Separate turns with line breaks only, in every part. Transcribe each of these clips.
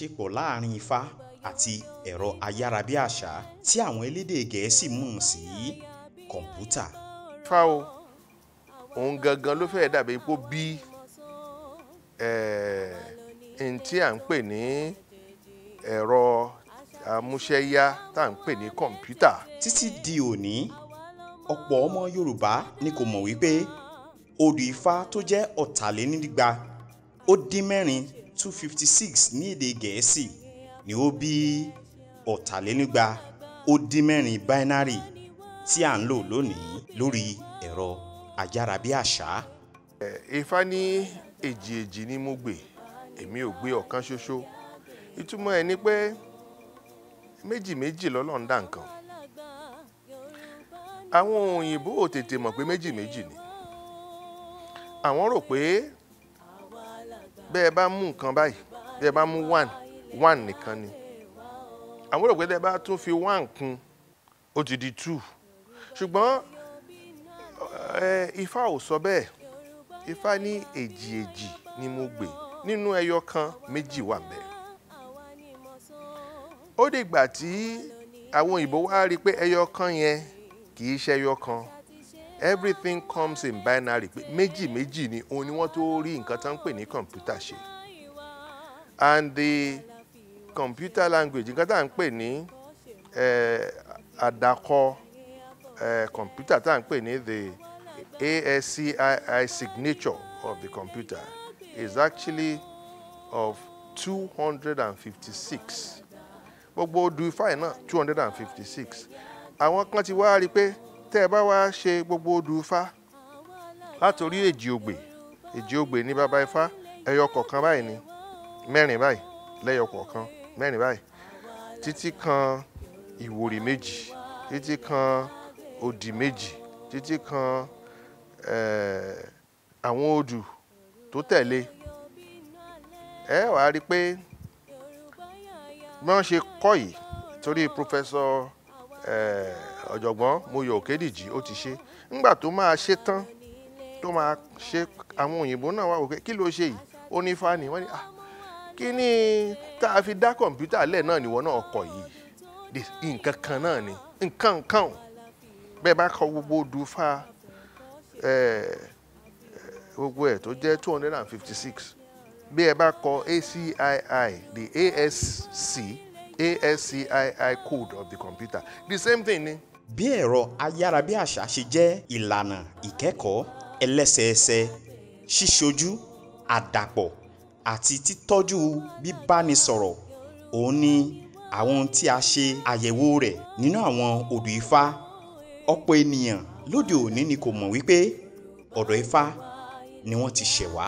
ìbáṣepọ̀ láàrin ifá àti ẹ̀rọ ayárabíàṣá tí àwọn elédè gẹ̀ẹ́sì mọ̀ sí kọ̀ǹpútà. ifá o òun gangan ló fẹ́ẹ́ dàbí pé bí
ẹ̀ẹ́n tí à ń pè ní ẹ̀rọ
amúṣẹ́yá tá à ń pè ní kọ̀ǹpútà. títí di òní ọ̀pọ̀ ọmọ yorùbá ni kò mọ̀ wípé odù ifá tó jẹ́ ọ̀tàlénígba ó dín mẹ́rin two fifty six ní èdè gẹ̀ẹ́sì ni ó bí ọ̀tàlénígba ó dín mẹ́rin binary tí à ń lò lónìí lórí ẹ̀rọ ayárabíàṣá. Ifá ní èjì
èjì ni mo gbé èmi ò gbé ọ̀kan ṣoṣo ìtumọ̀ ẹ̀ ni pé méjì méjì lọ́lọ́run dá nǹkan àwọn òyìnbó ò tètè mọ̀ pé méjì méjì ni àwọn rò pé bẹ́ ẹ bá mú nǹkan báyìí bẹ́ ẹ bá mú one one nìkan ni àwọn olùgbé tẹ́ bá tún fi one kun, ó ti di two ṣùgbọ́n ifá ò sọ bẹ́ẹ̀ ifá ní èjì èjì ni mo gbé nínú ẹyọ kan méjì wà bẹ́ẹ̀ ó dìgbà tí àwọn òyìnbó wá rí i pé ẹyọ kan yẹn kì í ṣe ẹyọ kan everything comes in binary pé méjì méjì ni òun ni wọ́n tó rí nǹkan tó pè ní kọ̀ǹpútà ṣe and the computer language nǹkan tá à ń pè ní eh, àdàkọ kọ̀ǹpútà eh, tá à ń pè ní the ASCII signature of the computer is actually of two hundred and fifty-six gbogbo du ifá yìí náà two hundred and fifty-six àwọn kan ti wá rí i pé tẹ́ ẹ bá wá ṣe gbogbo odù ifá látòrí èjì ògbè èjì ògbè ní bàbá ifá ẹyọ kọ̀ọ̀kan báyìí ni mẹ́rin báyìí lẹ́yọ kọ̀ọ̀kan mẹ́rin báyìí títí kan ìwòrì méjì títí kan odì méjì títí kan eh, àwọn odù tó tẹ̀lé ẹ wàá rí i pé bí wọ́n ṣe kọ́ yìí torí professor. Eh, ọ̀jọ̀gbọ́n Mòyò Òkédìjí ó ti ṣe nígbà tó máa ṣe tán tó máa ṣe àwọn òyìnbó náà wá wò pé kí ló ṣe yìí ó ní fani wọ́n ní ah kí ni tá a fi dá kọ̀ǹpútà lẹ̀ náà nìwọ náà kọ̀ yìí nǹkan kan náà ni nǹkan kan bẹ́ẹ̀ bá kọ gbogbo dùfà gbogbo ẹ̀ tó jẹ́ two hundred and fifty six bí ẹ bá kọ ACII the ASC
ASCII code of the computer the same thing ni bí ẹ̀rọ ayárabíàṣá ṣe jẹ́ ìlànà ìkẹ́kọ̀ọ́ ẹlẹ́sẹẹsẹ ṣíṣojú àdàpọ̀ àti títọ́jú bíbánisọ̀rọ̀ òun ni àwọn ohun tí a ṣe àyẹ̀wò rẹ̀ nínú àwọn odù ifá ọ̀pọ̀ ènìyàn lóde òní ni kò mọ̀ wípé ọ̀dọ̀ ifá ni wọ́n ti ṣẹ̀ wá.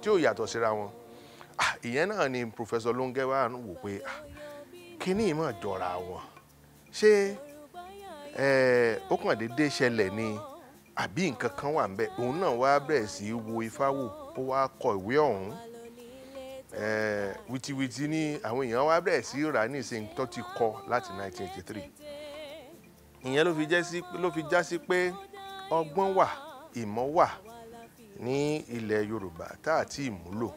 tí ò yàtọ̀ síra wọn ìyẹn náà ni Professor Lóńgẹ́ wà wò pé kíní ìmọ̀ jọra wọn ṣé ó kàn déédé ṣẹlẹ̀ ni àbí nǹkan kan wà nbẹ òun náà wá bẹ̀rẹ̀ sí í wo ifá wò ó wá kọ ìwé ọ̀hún wìtìwìtì ni àwọn èèyàn wá bẹ̀rẹ̀ sí í rà ní ìsìn tó ti kọ láti 1983 ìyẹn ló fi já sí pé ọgbọ́n wà ìmọ̀ wà ní ilẹ̀ Yorùbá tá a ti múlò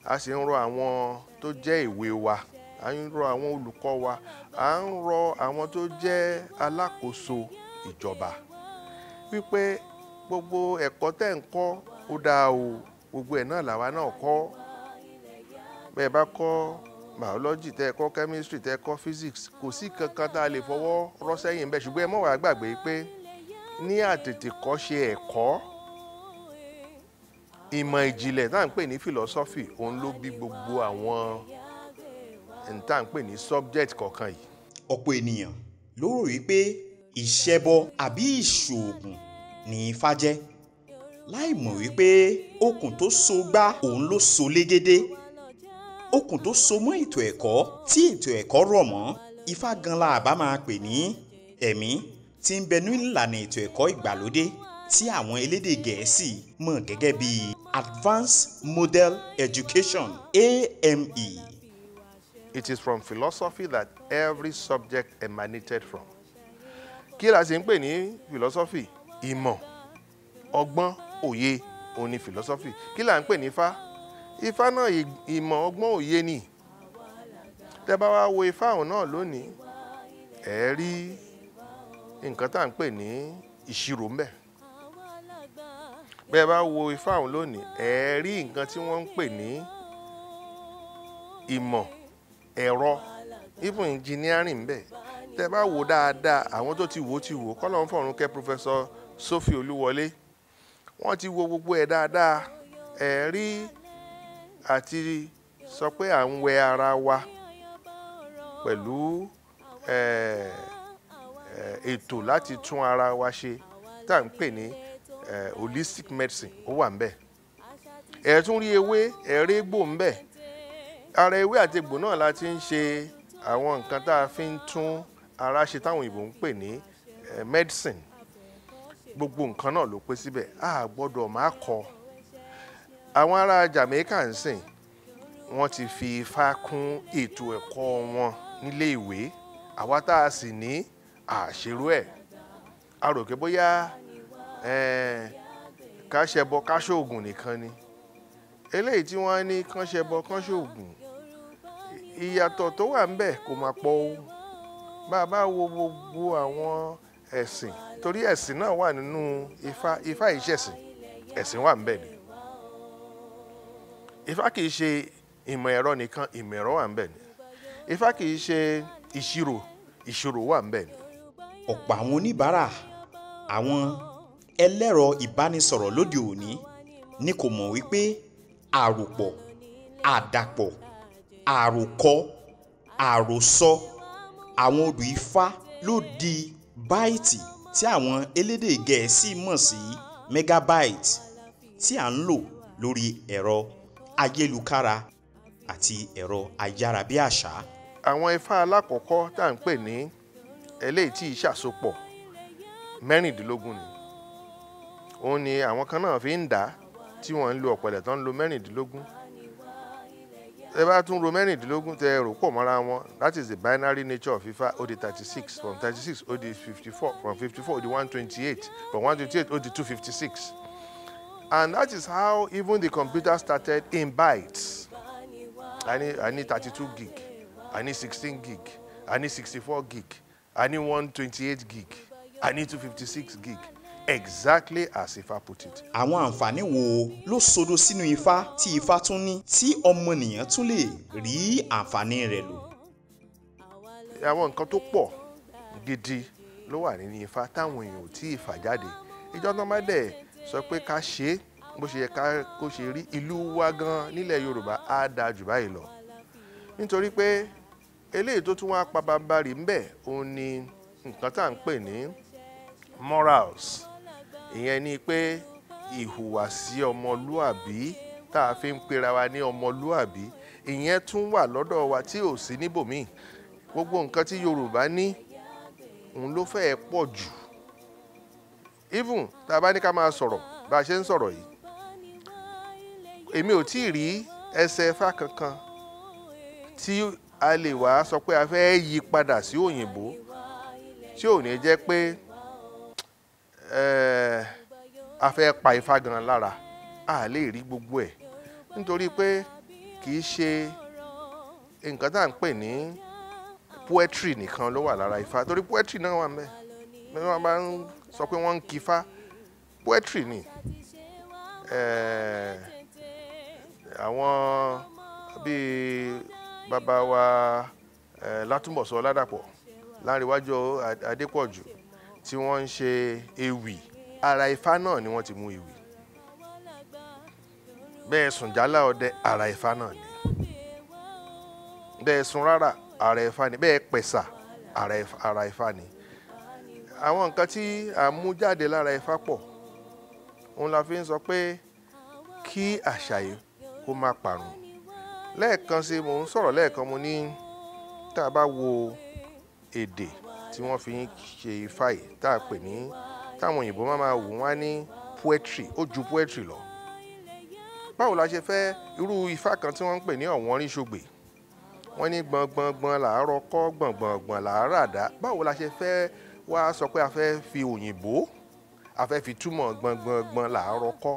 a sì ń rọ àwọn tó jẹ́ ìwé wa. Yeah à ń rọ àwọn olùkọ́ wa à ń rọ àwọn tó jẹ́ alákòóso ìjọba wípé gbogbo ẹ̀kọ́ tẹ̀ ń kọ́ ó dáa o gbogbo ẹ̀ náà làwa náà kọ́ bẹ́ẹ̀ bá kọ́ biology tẹ́ ẹ kọ́ chemistry tẹ́ ẹ kọ́ physics kò sí kankan tá a lè fọwọ́ rọ́ sẹ́yìn bẹ́ẹ̀ ṣùgbọ́n ẹ mọ̀ wá gbàgbé pé ní àtètè kọ́ ṣe ẹ̀kọ́ ìmọ̀ ìjìnlẹ̀ tá à ń pè ní philosophy òun ló bí gbogbo àwọn n tá à
pè ní subject kọ̀ọ̀kan yìí. ọ̀pọ̀ ènìyàn ló rò wípé ìṣẹ́bọ àbí ìṣòògùn ní ifá jẹ́ láì mọ̀ wípé okùn tó so gbá òun ló so légédé okùn tó so mọ́ ètò ẹ̀kọ́ tí ètò ẹ̀kọ́ rọ̀ mọ́ ifá gan la àbá máa pè ní ẹ̀mí tí ń bẹ ìlànà ètò ẹ̀kọ́ ìgbàlódé tí àwọn elédè gẹ̀ẹ́sì mọ̀ gẹ́gẹ́ bí advanced model education ame It is from
philosophy that every subject emanated from. Kí la ṣe ń pè ní philosophy? Ìmọ̀, ọgbọ́n, òye òun philosophy. Kí la ń pè ní Ifá? Ifá náà ìmọ̀ ọgbọ́n òye ni. Tẹ́ bá wá wo Ifá òun náà lónìí, ẹ̀ rí nǹkan tá à ń pè ní ìṣirò ńbẹ̀. Bẹ́ẹ̀ bá wo Ifá òun lónìí, ẹ̀ rí nǹkan tí wọ́n ń pè ní ìmọ̀ ẹ̀rọ even engineering bẹ́ẹ̀ tẹ́ bá wò dáadáa àwọn tó ti wò ó ti wò kọ́lọ́ ń fọ̀run kẹ́ Professor Sophie Olúwọlé wọ́n ti wo gbogbo ẹ̀ dáadáa ẹ̀rí àti sọ pé à ń wẹ ara wa pẹ̀lú ètò láti tún ara wa ṣe tá à ń pè ní holistic medicine ó wà ń bẹ̀ ẹ tún rí ewé ẹ̀rí egbò ń bẹ̀ ara ewé àti egbò náà la ti ń ṣe àwọn nǹkan tá a fi ń tún ara ṣe táwọn òyìnbó ń pè ní eh, medicine gbogbo nǹkan náà ló pé síbẹ̀ a gbọ́dọ̀ má kọ àwọn ará Jamaica ń sìn wọ́n ti fi ifá kún ètò ẹ̀kọ́ wọn nílé ìwé àwa tá a sì ní àṣerú ẹ̀ a rò pé bóyá eh, ká ṣẹbọ ká ṣoògùn nìkan ni eléyìí tí wọ́n ní kán ṣẹbọ kán ṣoògùn ìyàtọ̀ tó wà ńbẹ̀ kò mà pọ̀ o bá a bá wo gbogbo àwọn ẹ̀sìn torí ẹ̀sìn náà wà nínú ifá ifá ìṣẹ̀sìn ẹ̀sìn wà ńbẹ̀ ni ifá kì í ṣe ìmọ̀ ẹ̀rọ nìkan ìmọ̀ ẹ̀rọ wà ńbẹ̀ ni ifá
kì í ṣe ìṣirò ìṣirò wà ńbẹ̀ ni. ọ̀pọ̀ àwọn oníbàárà àwọn ẹlẹ́rọ ìbánisọ̀rọ̀ lóde òní ni kò mọ̀ wípé àròpọ̀ àdàpọ̀ àròkọ àròsọ àwọn odù Ifá ló di báìtì tí àwọn elédè gẹ̀ẹ́sì mọ̀ sí megabyte tí à ń lò lórí ẹ̀rọ ayélukára àti ẹ̀rọ ayárabíàṣá. àwọn Ifá alákọ̀ọ́kọ́ tá à ń pè ní eléyìí tí ìṣàsopọ̀
mẹ́rìndínlógún ni òun ni àwọn kan náà fi ń dà á tí wọ́n ń lo ọ̀pẹ̀lẹ̀ tó ń lo mẹ́rìndínlógún tẹ bá tún ro mẹ́rìndínlógún tẹ rò pọ̀ mọ́ra wọn that is the binary nature of Ifá ó di thirty six from thirty six ó di fifty four from fifty four ó di one twenty eight from one twenty eight ó di two fifty six and that is how even the computer started in bytes i need i need thirty two gig i need sixteen gig i need sixty four gig i need one twenty eight gig i need two fifty six gig exactly as Ifá put it.
àwọn àǹfààní wo ló sodo sínú Ifá tí Ifá tún ní tí ọmọnìyàn tún lè rí àǹfààní rẹ̀ lò.
àwọn nǹkan tó pọ̀ gidi ló wà nínú Ifá táwọn èèyàn ò tí ì fà jáde ìjọ tó má dẹ̀ sọ pé ká ṣe é bó ṣe yẹ ká kó ṣe rí ìlú wa gan nílẹ̀ Yorùbá á dáa jù báyìí lọ nítorí pé eléyìí tó tún wá pabambarì ń bẹ òun ni nǹkan tá à ń pè ní morals ìyẹn ni pé ìhùwàsí ọmọlúàbí tá a fi ń pera wa ní ọmọlúàbí ìyẹn tún wà lọ́dọ̀ wa tí ò sí níbòmíì gbogbo nǹkan tí Yorùbá ní òun ló fẹ́ẹ́ pọ̀ jù even tá a bá ní ká máa sọ̀rọ̀ bá a ṣe ń sọ̀rọ̀ yìí èmi ò tí ì rí ẹsẹ̀ ẹ̀fà kankan tí a lè wá sọ pé a fẹ́ yí padà sí òyìnbó tí ò ní jẹ́ pé. Eh, a fẹ́ pa ifá gan lára a lè rí gbogbo ẹ̀ nítorí pé kì í ṣe nǹkan tá à ń pè ní poetry nìkan ló wà lára ifá torí poetry náà wà mẹ́ẹ̀ mẹ́ẹ̀ wọ́n bá ń sọ pé wọ́n ń kí ifá poetry ni eh, àwọn bíi bàbá wa eh, ládàpọ̀ láǹrẹ̀wájú adépọ̀jù tí wọ́n ń ṣe ewì ara ifá náà ni wọ́n ti mú ewì bẹ́ẹ̀ sùn jálá ọdẹ ara ifá náà ni bẹ́ẹ̀ sùn rárá ara ifá ni bẹ́ẹ̀ pẹ̀sà ara ifá ni àwọn nǹkan tí a mú jáde lára ifá pọ̀ òun la fi ń sọ pé kí àṣà yìí kó má parun lẹ́ẹ̀kan sí mo ń sọ̀rọ̀ lẹ́ẹ̀kan mo ní tá a bá wo èdè. E tí wọ́n fi ń ṣe fáì tá a pè ní táwọn òyìnbó máa ma wò wọ́n ní poetry ó ju poetry lọ báwo la ṣe fẹ́ irú ifá kan tí wọ́n ń pè ní ọ̀wọ́nrín ṣògbè wọ́n ní gbọ̀ngbọ̀ngbọ̀n làárọ̀ kọ́ gbọ̀ngbọ̀ngbọ̀n làárọ̀ àdá báwo la ṣe fẹ́ wá sọ pé a fẹ́ fi òyìnbó a fẹ́ fi túmọ̀ gbọ̀ngbọ̀ngbọ̀n làárọ̀ kọ́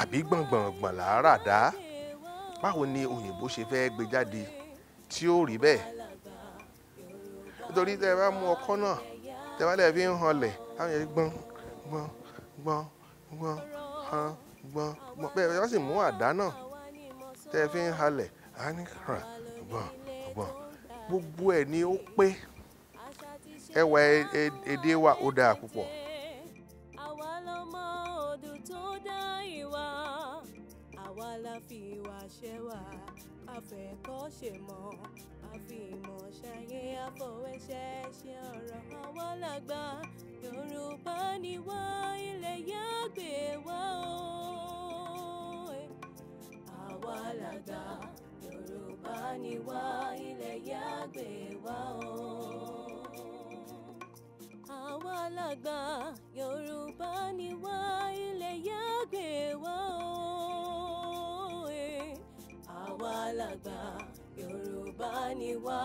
àbí gbọ̀ngbọ̀ngbọ̀n làárọ̀ àdá báwo ni òyìnbó ṣe fẹ́ gbé jáde tí ó rí bẹ́ẹ̀ nítorí tẹ bá mú ọkọ́ náà tẹ bá lẹ̀ fi ń hanlẹ̀ àwọn yẹn gbọ́n gbọ́n gbọ́n gbọ́n han gbọ́n gbọ́n bẹ́ẹ̀ yọ sì mú àdá náà tẹ fi ń halẹ̀ á ní ràn gbọ́n gbọ́n gbogbo ẹ̀ ni ó pé ẹwà e, e, èdè wa ó dáa púpọ̀. fẹ́ kọ́ ṣe mọ̀ àfihàn ṣayé àfọwẹ́ṣẹ́ṣẹ́ ọ̀rọ̀ àwọn làgbà Yorùbá ni wá ilẹ̀ yá gbé wá o. àwa làgbà Yorùbá ni wá ilẹ̀ yá gbé wá o. àwa làgbà Yorùbá ni wá. àgbà Yorùbá ni wá.